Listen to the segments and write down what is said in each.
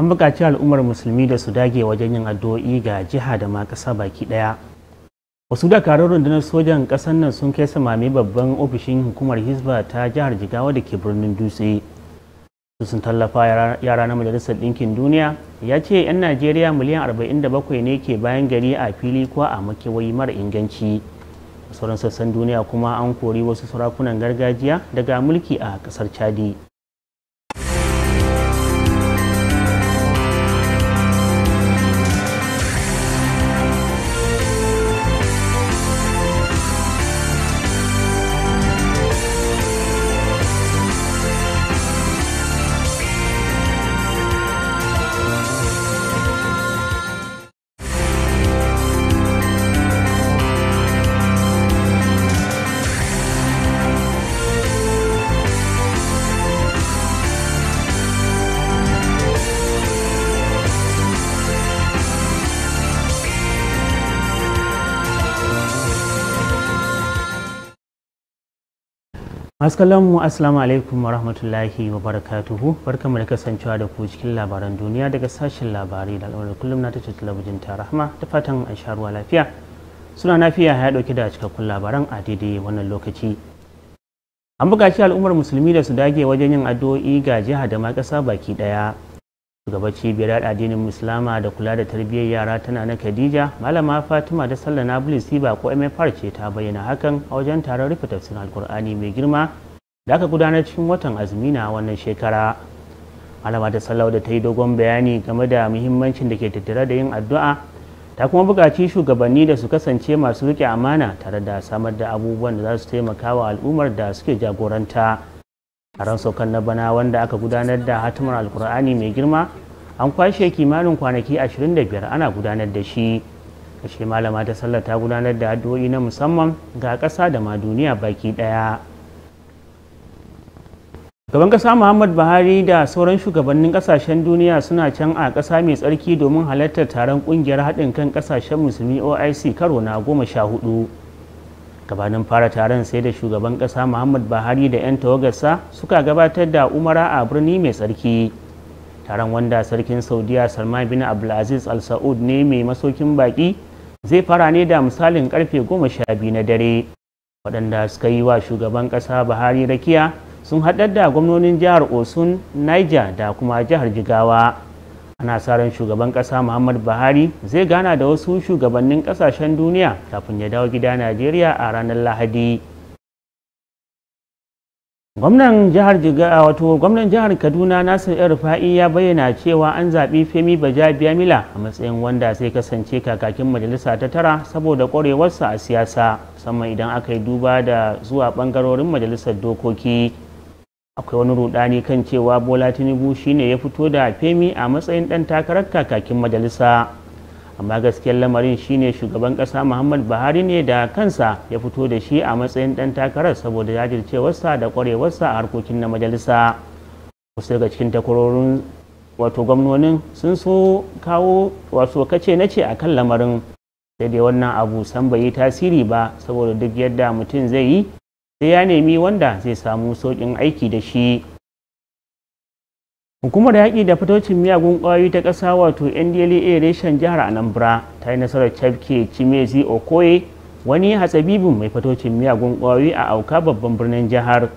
an buƙaci al'ummar musulmi da su dage wajen yin addu'o'i ga jiha da ma ƙasa baki ɗaya wasu dakarun rundunar sojan ƙasar nan sun kai samami babban ofishin hukumar hizba ta jihar jigawa da ke birnin dutse sun tallafa yara na majalisar ɗinkin duniya ya ce 'yan najeriya miliyan 47 ne ke bayan gari a fili ko a makewayi mara inganci sauran sassan duniya kuma an kori wasu sarakunan gargajiya daga mulki a ƙasar chadi mu assalamu alaikum wa rahmatullahi wa barakatuhu barkamu da kasancewa da ku cikin labaran duniya daga sashen labarai da al'amuran kullum na ce talabijin ta rahma ta fatan an sha ruwa lafiya suna nafiya ya dauke da cikakkun labaran a daidai wannan lokaci an buƙaci al'ummar musulmi da su dage wajen yin addu'o'i ga jiha da ma ƙasa baki ɗaya gaba cibiyar addinin islama da kula da tarbiyyar yara tana na khadija malama fatima da sallah na ba ko mfr ce ta bayyana hakan a wajen taron rufe tafsirin alkur'ani mai girma da aka gudanar cikin watan azumi na wannan shekara malama da sallah da ta yi dogon bayani game da muhimmancin da ke tattare da yin addu'a ta kuma buƙaci shugabanni da su kasance masu riƙe amana tare da samar da abubuwan da za su taimaka wa al'ummar da suke jagoranta taron saukan na bana wanda aka gudanar da hatimar alkur'ani mai girma an kwashe kimanin kwanaki 25 ana gudanar da shi kashe malama ta sallar ta gudanar da addu'o'i na musamman ga ƙasa da ma duniya baki ɗaya gaban ƙasa muhammad buhari da sauran shugabannin ƙasashen duniya suna can a ƙasa mai tsarki domin halartar taron ƙungiyar haɗin kan ƙasashen musulmi oic karo na goma sha hudu gabanin fara taron sai da shugaban kasa muhammad buhari da 'yan tawagarsa suka gabatar da umara a birni mai tsarki taron wanda sarkin saudiya salman bin abdulaziz al saud ne mai masokin baki zai fara ne da misalin karfe 12 na dare waɗanda suka yi wa shugaban kasa buhari rakiya sun haɗar da gwamnonin jihar osun niger da kuma jihar jigawa ana sa ran shugaban kasa muhammad buhari zai gana da wasu shugabannin kasashen duniya kafin ya dawo gida najeriya a ranar lahadi gwamnan jihar wato gwamnan jihar kaduna nasir rufa'i ya bayyana cewa an zaɓi femi bajabiya mila a matsayin wanda zai kasance kakakin majalisa ta tara saboda ƙwarewarsa a siyasa musamman idan aka yi duba da zuwa ɓangarorin majalisar dokoki akwai wani rudani kan cewa bola tinubu shine ya fito da femi a matsayin dan takarar kakakin majalisa amma gaskiyar lamarin shine shugaban kasa muhammad buhari ne da kansa ya fito da shi a matsayin dan takarar saboda jajircewarsa da kwarewarsa a harkokin na majalisa wasu daga cikin takwarorin wato gwamnonin sun so kawo wasu kace na ce akan lamarin sai dai wannan abu san bai yi tasiri ba saboda duk yadda mutum zai yi sai ya nemi wanda zai samu sauƙin aiki da shi hukumar yaƙi da fitocin miyagun ƙwayoyi ta ƙasa wato ndla reshen jihar anambra ta yi nasarar cafke chimezi okoye wani hatsabibin mai fitocin miyagun ƙwayoyi a auka babban birnin jihar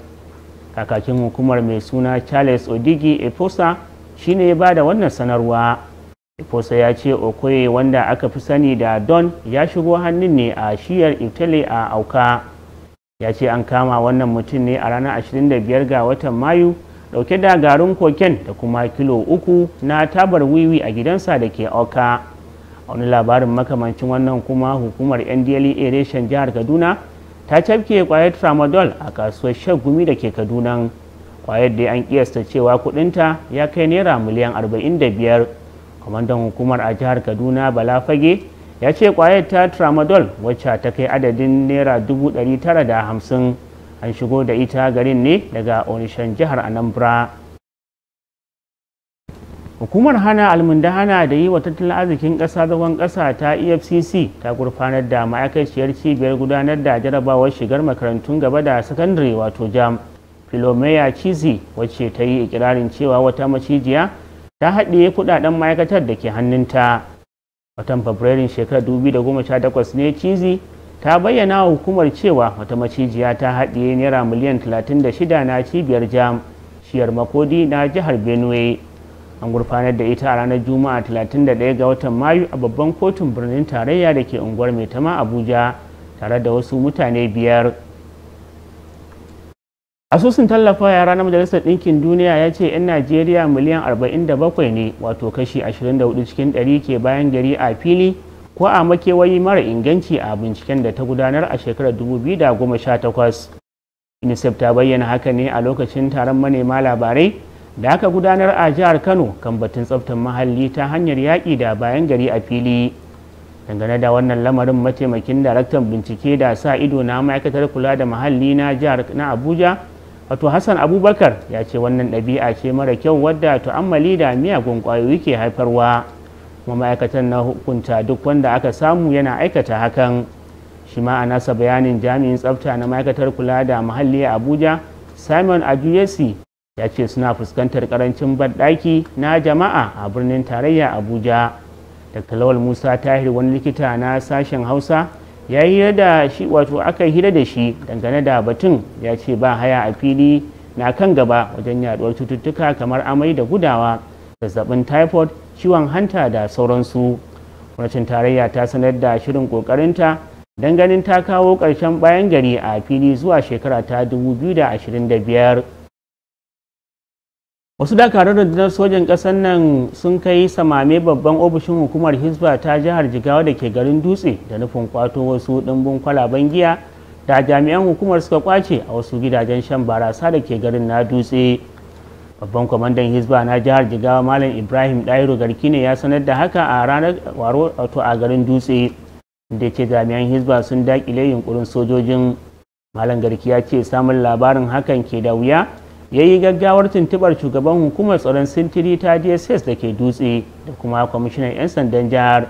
kakakin hukumar mai suna charles odigi eposa shine ya ba da wannan sanarwa eposa ya ce okoye wanda aka fi sani da don ya shigo hannun ne a shiyar italy a auka ya ce an kama wannan mutum ne a ranar 25 ga watan mayu dauke da garin koken da kuma kilo uku na tabar wiwi a gidansa da ke oka a wani labarin makamancin wannan kuma hukumar ndlea reshen jihar kaduna ta cafke kwayar tramadol a kasuwar shagumi da ke kaduna kwayar da an kiyasta cewa kudinta ya kai naira miliyan 45 kwamandan hukumar a jihar kaduna bala fage ya ce kwayar ta tramadol wacce ta kai adadin naira 950 an shigo da ita garin ne daga onishan jihar anambra hukumar hana almundahana da yi wa tattalin arzikin ƙasa zagon ƙasa ta efcc ta gurfanar da ma'aikaciyar cibiyar gudanar da jarabawar shigar makarantun gaba da sakandare wato jam filomeya chizi wacce ta yi ikirarin cewa wata macijiya ta haɗe kudaden ma'aikatar da ke hannunta watan fabrairun shekarar 2018 ne cizi ta bayyana hukumar cewa wata macijiya ta haɗiye naira miliyan 36 na cibiyar jam shiyar makodi na jihar benue an gurfanar da ita a ranar juma'a 31 ga watan mayu a babban kotun birnin tarayya da ke unguwar maitama abuja tare da wasu mutane biyar asusun tallafa yara na majalisar ɗinkin duniya ya ce 'yan najeriya miliyan 47 ne wato kashi 24 cikin 100 ke bayan gari a fili ko a makewayi mara inganci a binciken da ta gudanar a shekarar 2018 unicef ta bayyana haka ne a lokacin taron manema labarai da aka gudanar a jihar kano kan batun tsaftar mahalli ta hanyar yaƙi da bayan gari a fili dangane da wannan lamarin mataimakin daraktan bincike da sa ido na ma'aikatar kula da muhalli na jihar na abuja wato hassan abubakar ya ce wannan ɗabi'a ce mara kyau wadda tu'ammali da miyagun ƙwayoyi ke haifarwa kuma ma'aikatan na hukunta duk wanda aka samu yana aikata hakan shi ma a nasa bayanin jami'in tsafta na ma'aikatar kula da muhalli a abuja simon ajuyesi ya ce suna fuskantar karancin banɗaki na jama'a a birnin tarayya abuja dr lawal musa tahir wani likita na sashen hausa ya yi da shi wato aka hira da shi dangane da batun ya ce ba haya a fili na kan gaba wajen yaduwar cututtuka kamar amai da gudawa zazzabin typhoid ciwon hanta da sauransu gwamnatin tarayya ta sanar da shirin kokarinta don ganin ta kawo ƙarshen bayan gari a fili zuwa shekara ta 2025 wasu dakarun rundunar sojan ƙasar nan sun kai samame babban ofishin hukumar hisba ta jihar jigawa da ke garin dutse da nufin kwato wasu ɗimbin kwalaben giya da jami'an hukumar suka kwace a wasu gidajen shan barasa da ke garin na dutse babban kwamandan hisba na jihar jigawa malam ibrahim ɗairo garki ne ya sanar da haka a ranar a garin dutse da ce jami'an hisba sun daƙile yunkurin sojojin malam garki ya ce samun labarin hakan ke da wuya ya yi gaggawar tuntubar shugaban hukumar tsaron sintiri ta dss da ke dutse da kuma kwamishinan 'yan sandan jihar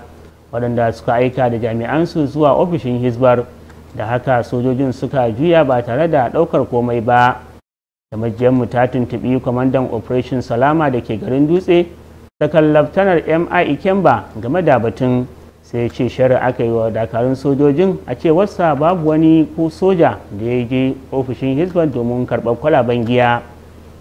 waɗanda suka aika da jami'ansu zuwa ofishin hisbar da haka sojojin suka juya ba tare da ɗaukar komai ba da majiyarmu ta tuntuɓi kwamandan operation salama da ke garin dutse sakan laftanar mi ikemba game da batun sai ce shari'a aka yi wa dakarun sojojin a ce cewarsa babu wani ko soja da ya je ofishin hisbar domin karɓar kwalaben giya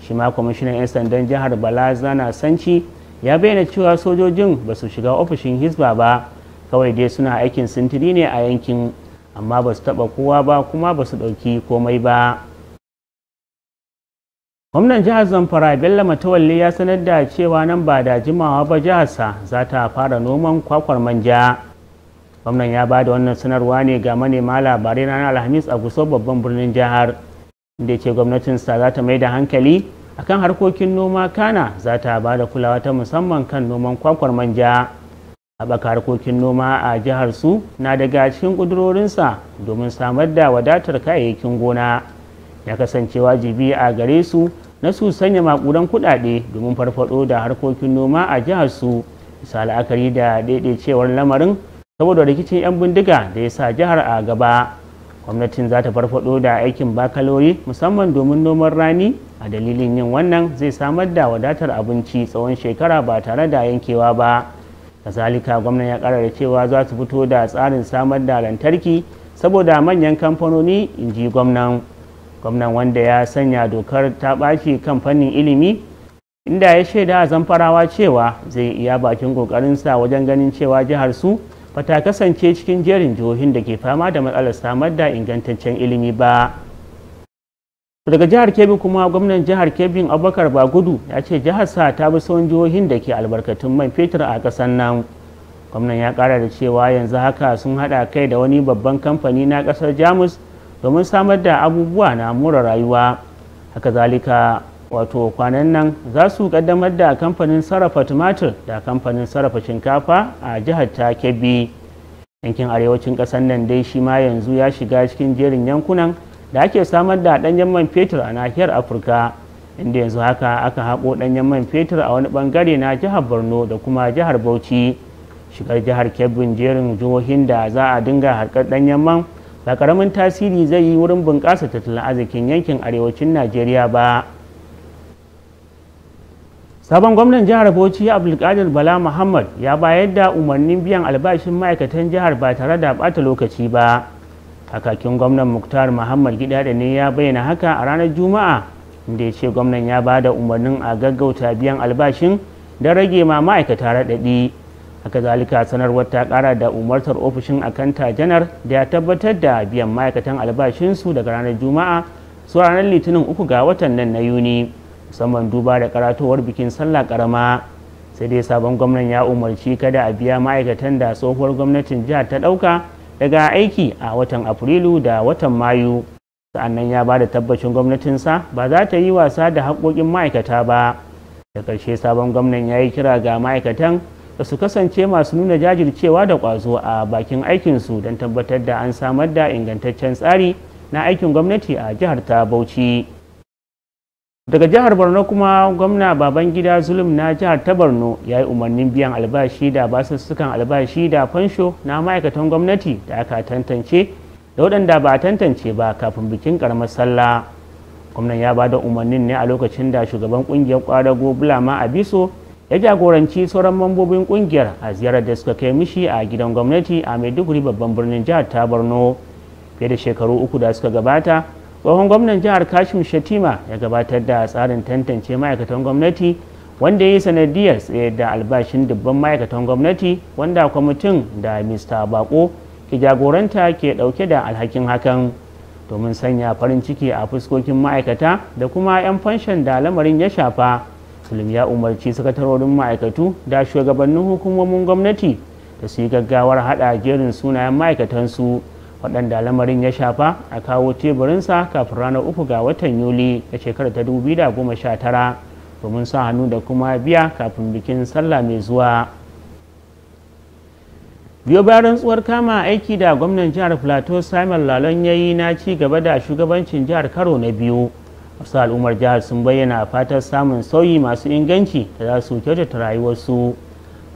shi ma kwamishinan 'yan sandan jihar bala zana sanci ya bayyana cewa sojojin ba su shiga ofishin hisba ba kawai dai suna aikin sintiri ne a yankin amma ba su taɓa kowa ba kuma ba su ɗauki komai ba gwamnan jihar zamfara bello matawalle ya sanar da cewa nan ba da jimawa ba jiharsa za ta fara noman kwakwar manja gwamnan ya ba da wannan sanarwa ne ga manema labarai ranar alhamis a guso babban birnin jihar da ce gwamnatinsa za ta mai da hankali kan harkokin noma kana za ta ba da kulawa ta musamman kan noman kwakwar manja a baka harkokin noma a jihar su na daga cikin kudurorinsa domin samar da wadatar kayayyakin gona ya kasance wajibi a gare su na su sanya maƙudan kudade domin farfaɗo da harkokin noma a jihar su bisa la'akari da daidaicewar lamarin saboda rikicin 'yan bindiga da ya sa jihar a gaba gwamnatin za ta farfado da aikin bakalori musamman domin noman rani a dalilin yin wannan zai samar da wadatar abinci tsawon shekara ba tare da yankewa ba kazalika gwamnan ya da cewa za su fito da tsarin samar da lantarki saboda manyan kamfanoni in ji gwamnan gwamnan wanda ya sanya dokar ta ɓaci kan fannin ilimi inda ya shaida a zamfarawa cewa zai iya bakin ƙoƙarinsa wajen ganin cewa jihar su Ba ta kasance cikin jerin jihohin da ke fama da matsalar samar da ingantaccen ilimi ba daga jihar kebbi kuma gwamnan jihar kebbi abubakar bagudu ya ce jihar sa ta bi sauran jihohin da ke albarkatun man fetur a ƙasar nan gwamnan ya ƙara da cewa yanzu haka sun haɗa kai da wani babban kamfani na ƙasar jamus domin samar da abubuwa na mura rayuwa haka zalika wato kwanan nan za su kaddamar da kamfanin sarrafa tumatir da kamfanin sarrafa shinkafa a jihar ta kebbi yankin arewacin ƙasar nan dai shi ma yanzu ya shiga cikin jerin yankunan da ake samar da ɗanyen man fetur a nahiyar afirka inda yanzu haka aka haƙo ɗanyen man fetur a wani ɓangare na jihar borno da kuma jihar bauchi shigar jihar kebbin jerin jihohin da za a dinga harkar ɗanyen man ba ƙaramin tasiri zai yi wurin bunƙasa tattalin arzikin yankin arewacin najeriya ba sabon gwamnan jihar bauchi abdulkadir bala muhammad ya bayar da umarnin biyan albashin ma'aikatan jihar ba tare da bata lokaci ba akakin gwamnan muktar muhammad gida da ne ya bayyana haka a ranar juma'a inda ya ce gwamnan ya ba da umarnin a gaggauta biyan albashin da rage ma ma'aikata raɗaɗi haka zalika sanarwar ta ƙara da umartar ofishin akanta janar da ya tabbatar da biyan ma'aikatan albashinsu daga ranar juma'a su ranar litinin uku ga watan nan na yuni. musamman duba da karatowar bikin sallah karama sai dai sabon gwamnan ya umarci kada a biya ma'aikatan da tsohuwar gwamnatin jihar ta ɗauka daga aiki a watan afrilu da watan mayu sa'annan ya ba da tabbacin gwamnatinsa ba za ta yi wasa da haƙoƙin ma'aikata ba da ƙarshe sabon gwamnan ya yi kira ga ma'aikatan da su kasance masu nuna jajircewa da ƙwazo a bakin aikinsu don tabbatar da an samar da ingantaccen tsari na aikin gwamnati a jihar ta bauchi daga jihar borno kuma gwamna babangida zulum na jihar ta borno ya yi umarnin biyan albashi da basussukan albashi da fansho na ma'aikatan gwamnati da aka tantance da waɗanda ba a tantance ba kafin bikin karamar sallah gwamnan ya ba da umarnin ne a lokacin da shugaban kungiyar kwadago bulama abiso ya jagoranci sauran mambobin ƙungiyar a ziyarar da suka kai mishi a gidan gwamnati a maiduguri babban birnin jihar ta borno fiye da shekaru uku da suka gabata tsohon gwamnan jihar kashim shatima ya gabatar da tsarin tantance ma'aikatan gwamnati wanda ya yi sanadiyar tsaye da albashin dubban ma'aikatan gwamnati wanda kwamitin da mista bako ke jagoranta ke dauke da alhakin hakan domin sanya farin ciki a fuskokin ma'aikata da kuma 'yan fanshan da lamarin ya shafa sulum ya umarci sakatarorin ma'aikatu da shugabannin hukumomin gwamnati da su yi gaggawar haɗa jerin sunayen ma'aikatansu waɗanda lamarin ya shafa a kawo teburinsa kafin ranar uku ga watan yuli da shekarar ta sha tara domin sa hannu da kuma biya kafin bikin sallah mai zuwa biyo bayan rantsuwar kama aiki da gwamnan jihar plateau simon lalon ya yi na ci gaba da shugabancin jihar karo na biyu wasu al'ummar jihar sun bayyana fatar samun sauyi masu inganci da za su kyautata rayuwarsu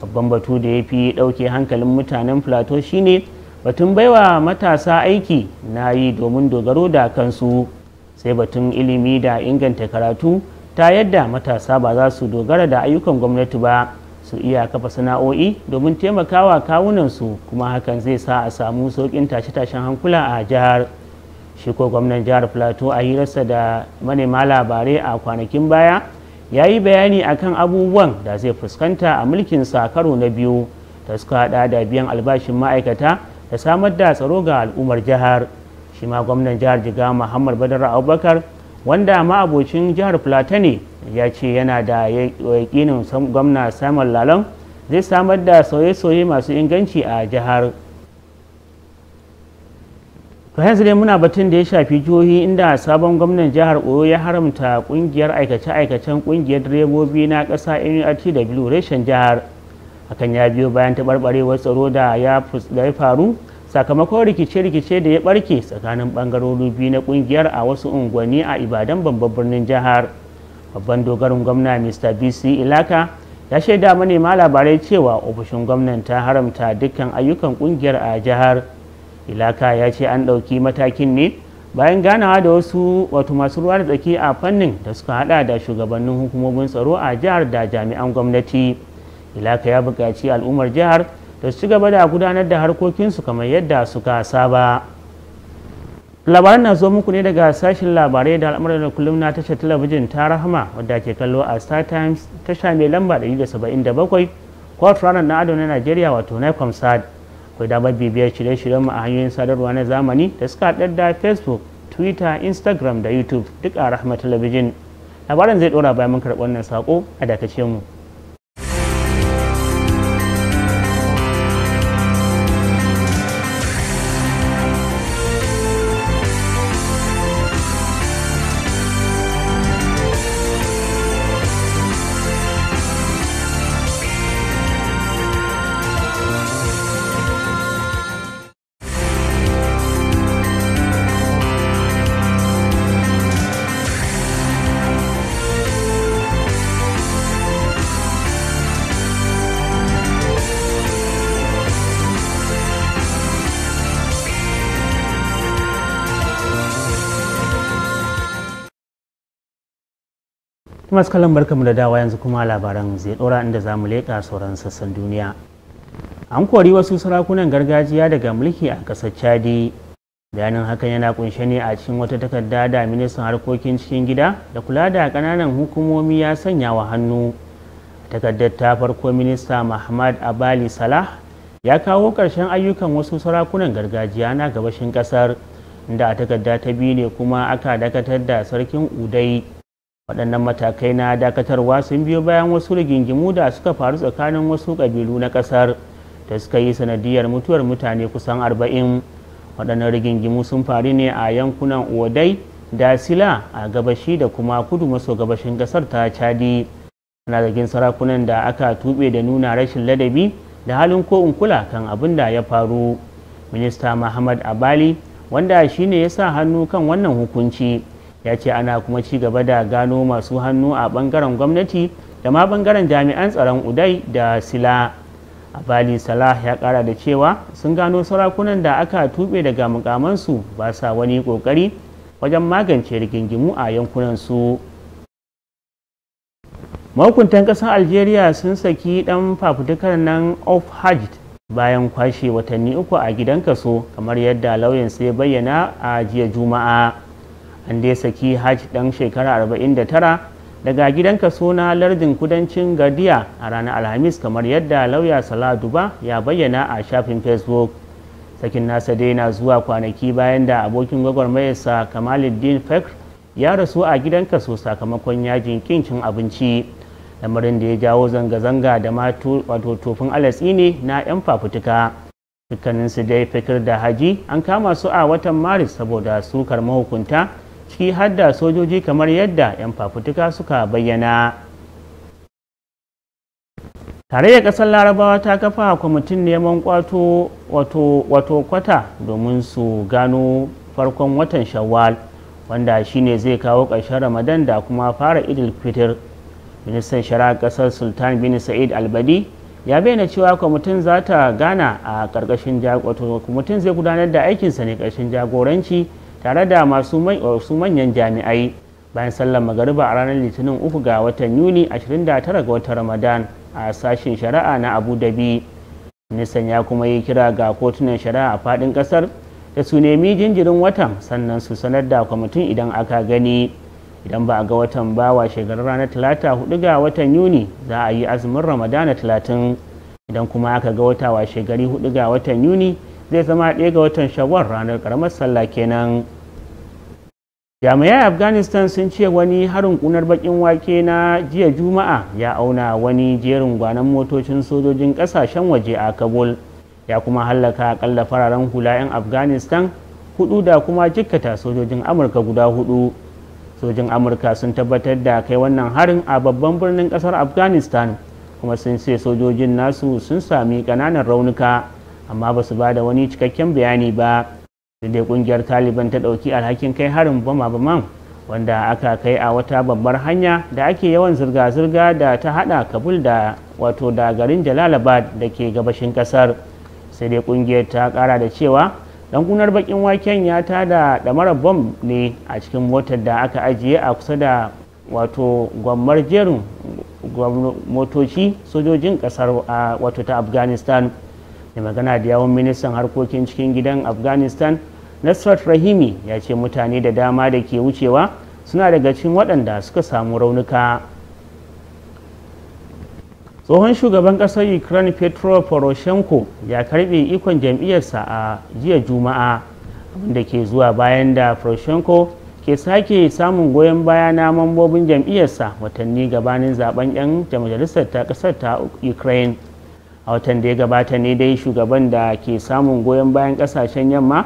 babban batu da ya fi ɗauke hankalin mutanen plateau shine batun baiwa matasa aiki na yi domin dogaro da kansu sai batun ilimi da inganta karatu ta yadda matasa ba za su dogara da ayyukan gwamnati ba su iya kafa sana'o'i domin taimakawa kawunansu kuma hakan zai sa a samu sauƙin tashe-tashen hankula a jihar shi ko gwamnan jihar plateau a hirarsa da manema labarai a kwanakin baya ya yi bayani akan abubuwan da zai fuskanta a mulkin sa karo na biyu da suka hada da biyan albashin ma'aikata da samar da tsaro ga al'ummar jihar shi ma gwamnan jihar jiga muhammad badar abubakar wanda ma abocin jihar plata ne ya ce yana da yakinin gwamna samun lalon zai samar da sauye-sauye masu inganci a jihar to yanzu muna batun da ya shafi jihohi inda sabon gwamnan jihar oyo ya haramta kungiyar aikace-aikacen kungiyar direbobi na ƙasa nurtw reshen jihar hakan ya biyo bayan taɓarɓarewar tsaro da ya faru sakamakon rikice-rikice da ya ɓarke tsakanin ɓangarori biyu na ƙungiyar a wasu unguwanni a ibadan babban birnin jihar babban dogarin gwamna mr bc ilaka ya shaida manema labarai cewa ofishin gwamnan ta haramta dukkan ayyukan ƙungiyar a jihar ilaka ya ce an ɗauki matakin ne bayan ganawa da wasu wato masu ruwa da tsaki a fannin da suka hada da shugabannin hukumomin tsaro a jihar da jami'an gwamnati. ilaka ya buƙaci al'ummar jihar da su gaba da gudanar da harkokinsu kamar yadda suka saba labaran na zo muku ne daga sashen labarai da al'amuran da kullum na tashar talabijin ta rahama wadda ke kallo a star times tasha mai lamba 177 kwat ranar na ado na najeriya wato nicom sad akwai damar bibiyar shirye-shiryen mu a hanyoyin sadarwa na zamani da suka haɗar da facebook twitter instagram da youtube duk a rahama talabijin labaran zai ɗora bayan mun karɓi wannan sako a dakace mu masu kallon barkamu da dawa yanzu kuma labaran zai dora inda za mu leƙa sauran sassan duniya an kori wasu sarakunan gargajiya daga mulki a ƙasar chadi bayanin hakan yana kunshe ne a cikin wata takarda da ministan harkokin cikin gida da kula da ƙananan hukumomi ya sanya wa hannu takardar ta farko minista mahmad abali salah ya kawo ƙarshen ayyukan wasu sarakunan gargajiya na gabashin ƙasar inda a takarda ta biyu ne kuma aka dakatar da sarkin udai waɗannan matakai na dakatarwa sun biyo bayan wasu rigingimu da suka faru tsakanin wasu ƙabilu na ƙasar da suka yi sanadiyar mutuwar mutane kusan arba'in waɗannan rigingimu sun faru ne a yankunan odai da sila a gabashi da kuma kudu maso gabashin ƙasar ta chadi ana zargin sarakunan da aka tuɓe da nuna rashin ladabi da halin ko in kula kan abin da ya faru minista muhammad abali wanda shine ya sa hannu kan wannan hukunci ya ce ana kuma ci gaba da gano masu hannu a bangaren gwamnati da ma bangaren jami'an tsaron udai da sila abali salah ya kara da cewa sun gano sarakunan da aka tube daga mukamansu ba sa wani kokari wajen magance rigingimu a yankunansu mahukuntan ƙasar algeria sun saki dan fafutukar nan of hajj bayan kwashe watanni uku a gidan kaso kamar yadda lauyansa ya bayyana a jiya juma'a an dai saki hajj dan shekara 49 daga gidan kaso na lardin kudancin gardiya a ranar alhamis kamar yadda lauya sala duba ya bayyana a shafin facebook sakin nasa dai na zuwa kwanaki bayan da abokin gwagwarmayarsa kamaluddin fakr ya rasu a gidan kaso sakamakon yajin kincin abinci lamarin da ya jawo zanga-zanga da matu wato tofin alatsi ne na 'yan fafutuka dukkaninsu dai fikir da haji an kama su a watan maris saboda sukar mahukunta ciki har da sojoji kamar yadda 'yan fafutuka suka bayyana tare da kasar larabawa ta kafa kwamitin neman kwato wato kwata domin su gano farkon watan shawwal wanda shine zai kawo ƙarshen ramadan da kuma fara idil fitr ministan shari'a ƙasar sultan bin sa'id albadi ya bayyana cewa kwamitin za ta gana a ƙarƙashin kwamitin zai gudanar da aikinsa ne ƙarshen jagoranci tare da masu uh, manyan jami'ai bayan sallar magariba a ranar litinin uku ga watan yuni 29 ga watan ramadan a sashen shari'a na abu dhabi nisan ya kuma yi kira ga kotunan shari'a a fadin kasar da su nemi jinjirin watan sannan su sanar da kwamitin idan aka gani idan ba a ga watan ba wa shekarar ranar talata hudu ga watan yuni za a yi azumin ramadana talatin idan kuma aka ga wata wa shekari hudu ga watan yuni zai zama ɗaya ga watan shawar ranar karamar sallah kenan jami'ai afghanistan sun ce wani harin kunar bakin wake na jiya juma'a ya auna wani jerin gwanon motocin sojojin kasashen waje a kabul ya kuma hallaka akalla fararen hula 'yan afghanistan hudu da kuma jikkata sojojin amurka guda hudu sojin amurka sun tabbatar da kai wannan harin a babban birnin kasar afghanistan kuma sun ce sojojin nasu sun sami ƙananan raunuka amma ba su ba da wani cikakken bayani ba da dai kungiyar taliban ta ɗauki alhakin kai harin bama baman wanda aka kai a wata babbar hanya da ake yawan zirga-zirga da ta hada kabul da wato da garin jalalabad da ke gabashin kasar sai dai kungiyar ta kara da cewa dan kunar bakin waken ya da damar bom ne a cikin motar da aka ajiye a kusa da wato gwammar jerin motoci sojojin kasar wato ta afghanistan da magana da yawon ministan harkokin cikin gidan afghanistan nasrat rahimi ya ce mutane da dama da ke wucewa suna daga cikin waɗanda suka samu raunuka tsohon shugaban ƙasar ukraine petro poroshenko ya karbe ikon jam'iyyarsa a jiya juma'a abinda ke zuwa bayan da poroshenko ke sake samun goyon baya na mambobin jam'iyyarsa watanni gabanin zaben 'yan majalisar ta ƙasar ta ukraine a watan da ya gabata ne dai shugaban da ke samun goyon bayan kasashen yamma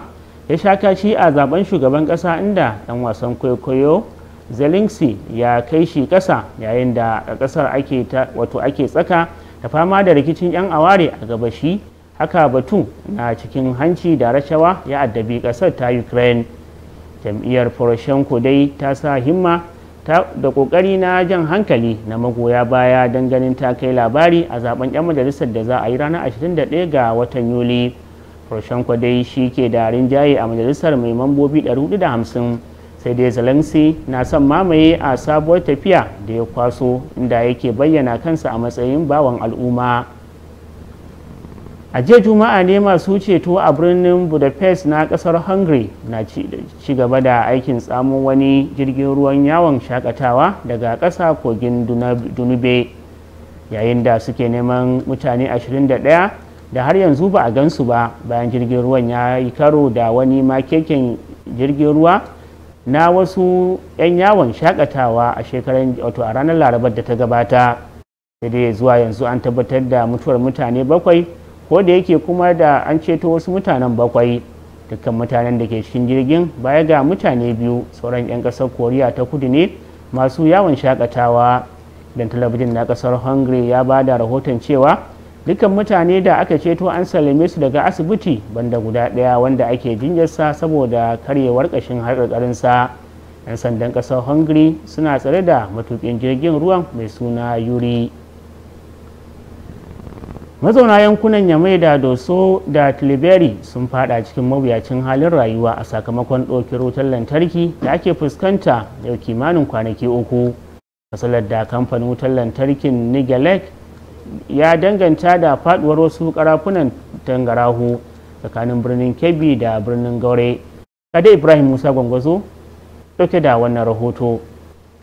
ya sha kashi a zaben shugaban kasa inda dan wasan kwaikwayo zelensky ya kai shi kasa yayin da a kasar ake wato ake tsaka da fama da rikicin yan aware a gabashi haka batu na cikin hanci da rashawa ya addabi kasar ta ukraine jam'iyyar poroshenko dai ta sa himma da kokari na jan hankali na magoya baya don ganin ta kai labari a zaben 'yan majalisar da za a yi ranar 21 ga watan yuli Roshan dai shi ke da rinjaye a majalisar mai mambobi 450 sai dai zelensky na son mamaye a sabuwar tafiya da ya kwaso inda yake bayyana kansa a matsayin bawan al'umma a jiya juma'a ne masu ceto a birnin budapest na kasar hungary na ci gaba da aikin tsamo wani jirgin ruwan yawon shakatawa daga kasa kogin dunube yayin da suke neman mutane 21 da har yanzu ba a gansu ba bayan jirgin ruwan ya yi karo da wani makeken jirgin ruwa na wasu 'yan yawon shakatawa a shekaran wato a ranar larabar da ta gabata sai zuwa yanzu an tabbatar da mutuwar mutane bakwai ko da yake kuma da an ceto wasu mutanen bakwai dukkan mutanen da ke cikin jirgin baya ga mutane biyu sauran 'yan kasar koriya ta kudu ne masu yawon shakatawa dan talabijin na kasar hungary ya ba da rahoton cewa dukkan mutane da aka ceto an sallame su daga asibiti banda guda ɗaya wanda ake jinyarsa saboda karyewar ƙashin harkarkarinsa 'yan sandan kasar hungary suna tsare da matuƙin jirgin ruwan mai suna yuri mazauna yankunan yamai da doso da tilibiri sun fada cikin mawuyacin halin rayuwa a sakamakon dokin wutar lantarki da ake fuskanta yau kimanin kwanaki uku matsalar da kamfanin wutar lantarkin nigelec ya danganta da faduwar wasu karafunan tangarahu tsakanin birnin kebbi da birnin gaure kada ibrahim musa gwangwazo ɗauke da wannan rahoto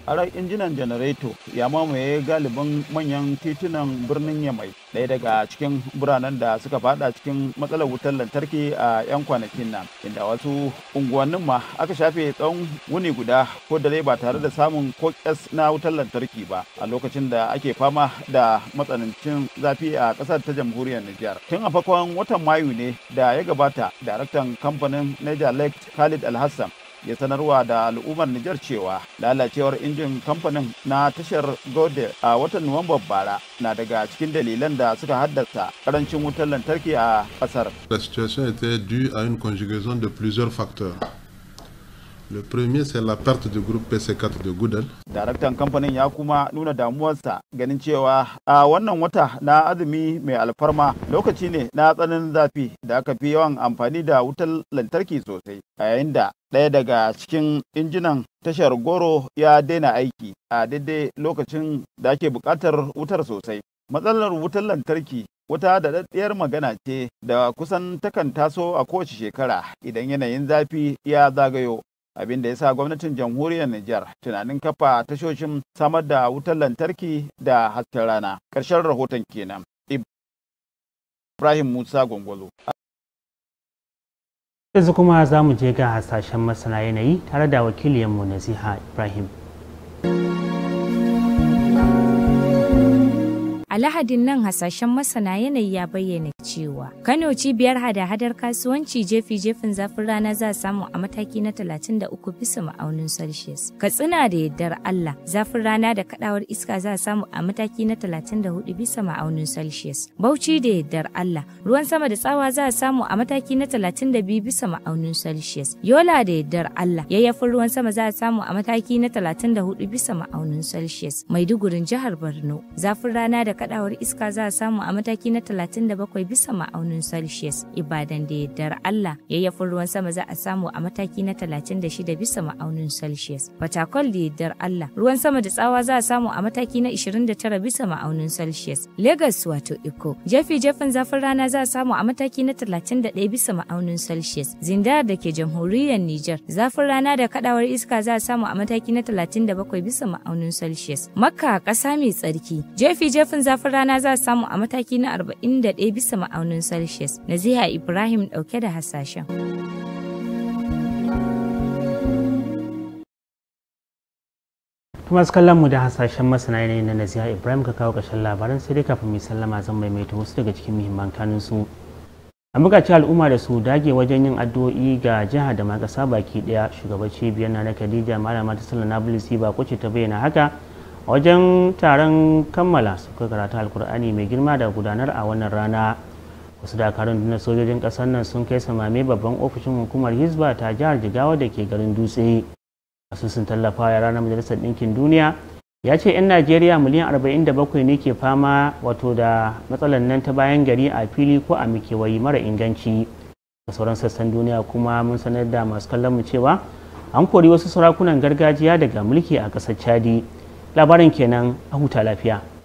harar injinan janareto ya mamaye galibin manyan titunan birnin yamai ɗaya daga cikin biranen da suka fada cikin matsalar wutar lantarki a 'yan kwanakin nan inda wasu unguwannin ma aka shafe tsawon wuni guda ko da ba tare da samun ko na wutar lantarki ba a lokacin da ake fama da matsanancin zafi a ƙasar ta jamhuriyar Nijar. Tun a farkon watan Mayu ne da ya gabata daraktan kamfanin Niger Lake Khalid Alhassan ya sanarwa da al'ummar Nijar cewa lalacewar injin kamfanin na tashar Gode a watan Nuwamban bara na daga cikin dalilan da suka haddasa karancin wutar lantarki a kasar. La situation était due à une conjugaison de plusieurs facteurs. Le premier c'est la perte du groupe PC4 de Goodell. Daraktan kamfanin ya kuma nuna damuwarsa ganin cewa a wannan wata na azumi mai alfarma lokaci ne na tsananin zafi da aka fi yawan amfani da wutar lantarki sosai a yayin da ɗaya daga cikin injinan tashar goro ya daina aiki a daidai lokacin da ake buƙatar wutar sosai. Matsalar wutar lantarki wata daɗaɗɗiyar magana ce da kusan takan taso a kowace shekara idan yanayin zafi ya zagayo abin da ya sa gwamnatin jamhuriyar Nijar tunanin kafa tashoshin samar da wutar lantarki da hasken rana. karshen rahoton kenan. Ibrahim Musa Gongolo. Yanzu kuma za mu je ga hasashen masana yanayi tare da wakiliyanmu Nasiha Ibrahim. A Lahadin nan hasashen masana yanayi ya bayyana cewa Kano cibiyar hada-hadar kasuwanci jefi-jefin zafin rana za samu a mataki na 33 bisa ma'aunin Celsius. Katsina da yardar Allah zafin rana da kadawar iska za samu a mataki na 34 bisa ma'aunin Celsius. Bauchi da yardar Allah ruwan sama da tsawa za samu a mataki na 32 bisa ma'aunin Celsius. Yola da yardar Allah yayyafin ruwan sama za samu a mataki na 34 bisa ma'aunin Celsius. Maidugurin jihar Borno zafin rana da kadawar iska za a samu a mataki na 37 bisa ma'aunin Celsius. Ibadan da yardar Allah yayyafin ruwan sama za a samu a mataki na 36 bisa ma'aunin Celsius. Fatakol da yardar Allah ruwan sama da tsawa za a samu a mataki na 29 bisa ma'aunin Celsius. Lagos wato Iko jefi jefin zafin rana za a samu a mataki na 31 bisa ma'aunin Celsius. Zindar da ke jamhuriyar Niger zafin rana da kadawar iska za a samu a mataki na 37 bisa ma'aunin Celsius. Makka ƙasa mai tsarki jefi jefin zafin rana za samu a mataki na 41 bisa ma'aunin Celsius. Naziha Ibrahim dauke da hasashen. kuma kallon mu da hasashen masana yanayi na naziha ibrahim ka kawo ƙarshen labaran sai dai kafin mai sallama zan maimaita wasu daga cikin muhimman kanun su a bukaci al'umma da su dage wajen yin addu'o'i ga jiha da ma ƙasa baki ɗaya shugaban cibiyar na khadija malama ta sallah bulisi ba ce ta bayyana haka wajen taron kammala suka karatu alkur'ani mai girma da gudanar a wannan rana wasu dakarun na sojojin kasar nan sun kai samame babban ofishin hukumar hizba ta jihar jigawa da ke garin dutse asusun tallafawa ya rana majalisar ɗinkin duniya ya ce 'yan najeriya miliyan bakwai ne ke fama wato da matsalan nan ta bayan gari a fili ko a mikewayi mara inganci da sauran sassan duniya kuma mun sanar da masu kallon mu cewa an kori wasu sarakunan gargajiya daga mulki a ƙasar chadi labarin kenan a huta lafiya